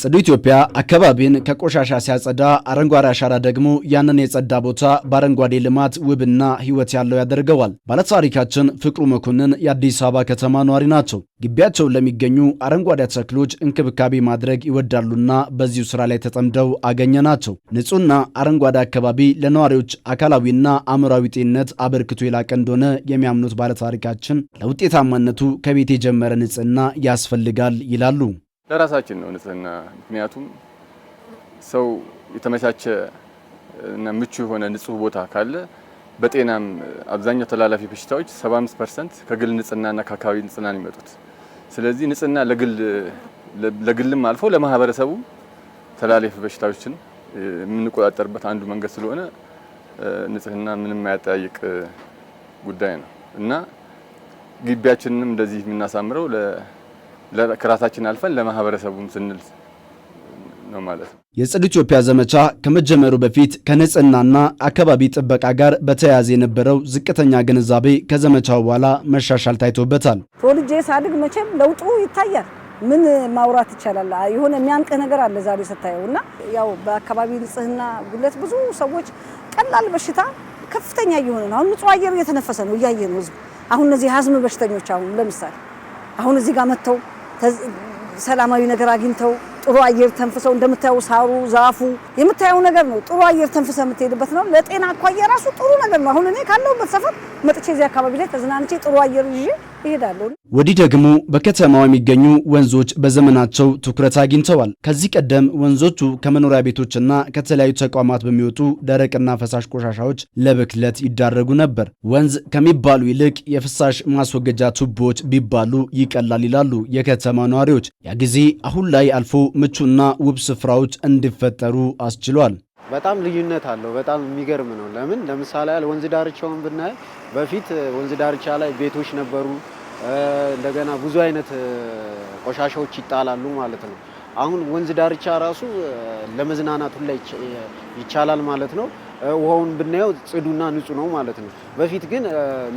ጽዱ ኢትዮጵያ አካባቢን ከቆሻሻ ሲያጸዳ፣ አረንጓዴ አሻራ ደግሞ ያንን የጸዳ ቦታ በአረንጓዴ ልማት ውብና ሕይወት ያለው ያደርገዋል። ባለታሪካችን ፍቅሩ መኮንን የአዲስ አበባ ከተማ ነዋሪ ናቸው። ግቢያቸውን ለሚገኙ አረንጓዴ ተክሎች እንክብካቤ ማድረግ ይወዳሉና በዚሁ ስራ ላይ ተጠምደው አገኘ ናቸው። ንጹሕና አረንጓዴ አካባቢ ለነዋሪዎች አካላዊና አእምሯዊ ጤንነት አበርክቶ የላቀ እንደሆነ የሚያምኑት ባለታሪካችን ለውጤታማነቱ ከቤት የጀመረ ንጽህና ያስፈልጋል ይላሉ። ለራሳችን ነው ንጽህና። ምክንያቱም ሰው የተመቻቸ እና ምቹ የሆነ ንጹህ ቦታ ካለ በጤናም አብዛኛው ተላላፊ በሽታዎች 75 ፐርሰንት ከግል ንጽህናና ከአካባቢ ንጽህና ነው የሚመጡት። ስለዚህ ንጽህና ለግልም አልፎ ለማህበረሰቡ ተላላፊ በሽታዎችን የምንቆጣጠርበት አንዱ መንገድ ስለሆነ ንጽህና ምንም የማያጠያይቅ ጉዳይ ነው እና ግቢያችንንም እንደዚህ የምናሳምረው ከራሳችን አልፈን ለማህበረሰቡም ስንል ነው ማለት ነው። የጽድ ኢትዮጵያ ዘመቻ ከመጀመሩ በፊት ከንጽህናና አካባቢ ጥበቃ ጋር በተያያዘ የነበረው ዝቅተኛ ግንዛቤ ከዘመቻው በኋላ መሻሻል ታይቶበታል። ቶልጄ ሳድግ መቼም ለውጡ ይታያል። ምን ማውራት ይቻላል? የሆነ የሚያንቅህ ነገር አለ ዛሬ ስታየው እና ያው በአካባቢ ንጽህና ጉለት ብዙ ሰዎች ቀላል በሽታ ከፍተኛ እየሆነ ነው። አሁን ንጹህ አየር እየተነፈሰ ነው፣ እያየ ነው ህዝብ። አሁን እነዚህ ሀዝም በሽተኞች አሁን ለምሳሌ አሁን እዚህ ጋር መጥተው ሰላማዊ ነገር አግኝተው ጥሩ አየር ተንፍሰው እንደምታየው ሳሩ ዛፉ የምታየው ነገር ነው። ጥሩ አየር ተንፍሰ የምትሄድበት ነው። ለጤና አኳያ ራሱ ጥሩ ነገር ነው። አሁን እኔ ካለሁበት ሰፈር መጥቼ እዚህ አካባቢ ላይ ተዝናንቼ ጥሩ አየር ይዤ ይሄዳሉ። ወዲህ ደግሞ በከተማው የሚገኙ ወንዞች በዘመናቸው ትኩረት አግኝተዋል። ከዚህ ቀደም ወንዞቹ ከመኖሪያ ቤቶችና ከተለያዩ ተቋማት በሚወጡ ደረቅና ፈሳሽ ቆሻሻዎች ለብክለት ይዳረጉ ነበር። ወንዝ ከሚባሉ ይልቅ የፍሳሽ ማስወገጃ ቱቦዎች ቢባሉ ይቀላል ይላሉ የከተማ ነዋሪዎች። ያ ጊዜ አሁን ላይ አልፎ ምቹና ውብ ስፍራዎች እንዲፈጠሩ አስችሏል። በጣም ልዩነት አለው። በጣም የሚገርም ነው። ለምን ለምሳሌ ያህል ወንዝ ዳርቻውን ብናይ በፊት ወንዝ ዳርቻ ላይ ቤቶች ነበሩ። እንደገና ብዙ አይነት ቆሻሻዎች ይጣላሉ ማለት ነው። አሁን ወንዝ ዳርቻ ራሱ ለመዝናናቱ ላይ ይቻላል ማለት ነው። ውሃውን ብናየው ጽዱና ንጹህ ነው ማለት ነው። በፊት ግን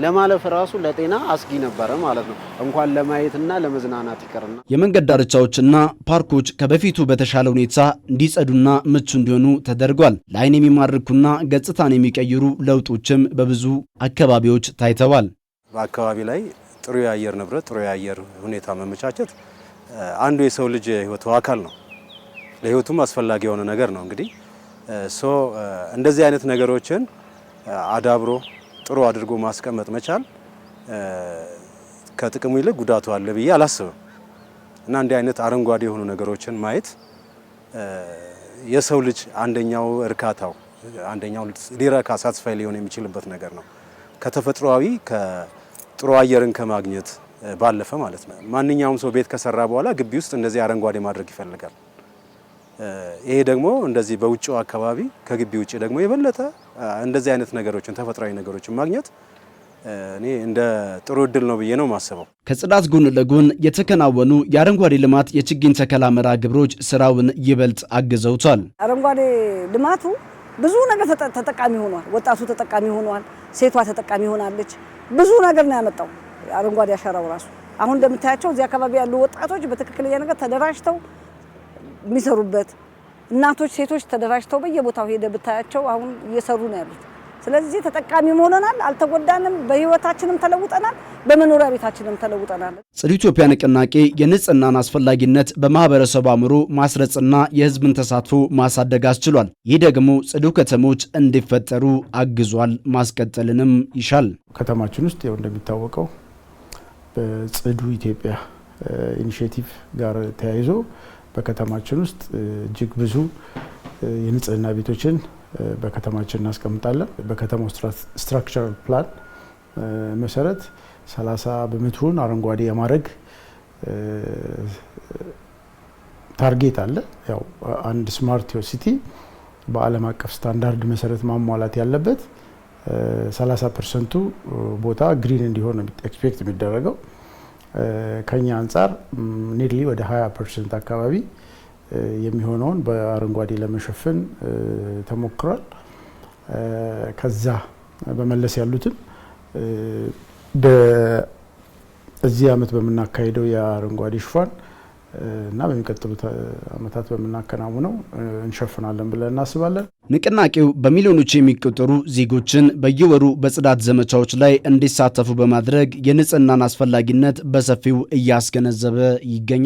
ለማለፍ ራሱ ለጤና አስጊ ነበረ ማለት ነው። እንኳን ለማየትና ለመዝናናት ይቀርና የመንገድ ዳርቻዎችና ፓርኮች ከበፊቱ በተሻለ ሁኔታ እንዲጸዱና ምቹ እንዲሆኑ ተደርጓል። ለአይን የሚማርኩና ገጽታን የሚቀይሩ ለውጦችም በብዙ አካባቢዎች ታይተዋል። በአካባቢ ላይ ጥሩ የአየር ንብረት፣ ጥሩ የአየር ሁኔታ መመቻቸት አንዱ የሰው ልጅ የህይወቱ አካል ነው። ለህይወቱም አስፈላጊ የሆነ ነገር ነው እንግዲህ ሶ እንደዚህ አይነት ነገሮችን አዳብሮ ጥሩ አድርጎ ማስቀመጥ መቻል ከጥቅሙ ይልቅ ጉዳቱ አለ ብዬ አላስብም እና እንዲህ አይነት አረንጓዴ የሆኑ ነገሮችን ማየት የሰው ልጅ አንደኛው እርካታው አንደኛው ሊረካ ሳትስፋይ ሊሆን የሚችልበት ነገር ነው። ከተፈጥሯዊ ከጥሩ አየርን ከማግኘት ባለፈ ማለት ነው። ማንኛውም ሰው ቤት ከሰራ በኋላ ግቢ ውስጥ እንደዚህ አረንጓዴ ማድረግ ይፈልጋል። ይሄ ደግሞ እንደዚህ በውጭው አካባቢ ከግቢ ውጭ ደግሞ የበለጠ እንደዚህ አይነት ነገሮችን ተፈጥሯዊ ነገሮችን ማግኘት እኔ እንደ ጥሩ እድል ነው ብዬ ነው የማስበው። ከጽዳት ጎን ለጎን የተከናወኑ የአረንጓዴ ልማት የችግኝ ተከላ መርሃ ግብሮች ስራውን ይበልጥ አግዘውቷል። አረንጓዴ ልማቱ ብዙ ነገር ተጠቃሚ ሆኗል። ወጣቱ ተጠቃሚ ሆኗል። ሴቷ ተጠቃሚ ሆናለች። ብዙ ነገር ነው ያመጣው አረንጓዴ አሻራው ራሱ። አሁን እንደምታያቸው እዚህ አካባቢ ያሉ ወጣቶች በትክክለኛ ነገር ተደራጅተው የሚሰሩበት እናቶች፣ ሴቶች ተደራጅተው በየቦታው ሄደ ብታያቸው አሁን እየሰሩ ነው ያሉት። ስለዚህ ተጠቃሚ መሆነናል፣ አልተጎዳንም። በህይወታችንም ተለውጠናል፣ በመኖሪያ ቤታችንም ተለውጠናል። ጽዱ ኢትዮጵያ ንቅናቄ የንጽህናን አስፈላጊነት በማህበረሰብ አእምሮ ማስረጽና የህዝብን ተሳትፎ ማሳደግ አስችሏል። ይህ ደግሞ ጽዱ ከተሞች እንዲፈጠሩ አግዟል፣ ማስቀጠልንም ይሻል። ከተማችን ውስጥ ያው እንደሚታወቀው በጽዱ ኢትዮጵያ ኢኒሽቲቭ ጋር ተያይዞ በከተማችን ውስጥ እጅግ ብዙ የንጽህና ቤቶችን በከተማችን እናስቀምጣለን። በከተማው ስትራክቸራል ፕላን መሰረት 30 በመቶውን አረንጓዴ የማድረግ ታርጌት አለ። ያው አንድ ስማርት ሲቲ በዓለም አቀፍ ስታንዳርድ መሰረት ማሟላት ያለበት 30 ፐርሰንቱ ቦታ ግሪን እንዲሆን ኤክስፔክት የሚደረገው ከኛ አንጻር ኒድሊ ወደ 20 ፐርሰንት አካባቢ የሚሆነውን በአረንጓዴ ለመሸፈን ተሞክሯል። ከዛ በመለስ ያሉትን በዚህ አመት በምናካሄደው የአረንጓዴ ሽፋን እና በሚቀጥሉት ዓመታት በምናከናውነው እንሸፍናለን ብለን እናስባለን። ንቅናቄው በሚሊዮኖች የሚቆጠሩ ዜጎችን በየወሩ በጽዳት ዘመቻዎች ላይ እንዲሳተፉ በማድረግ የንጽህናን አስፈላጊነት በሰፊው እያስገነዘበ ይገኛል።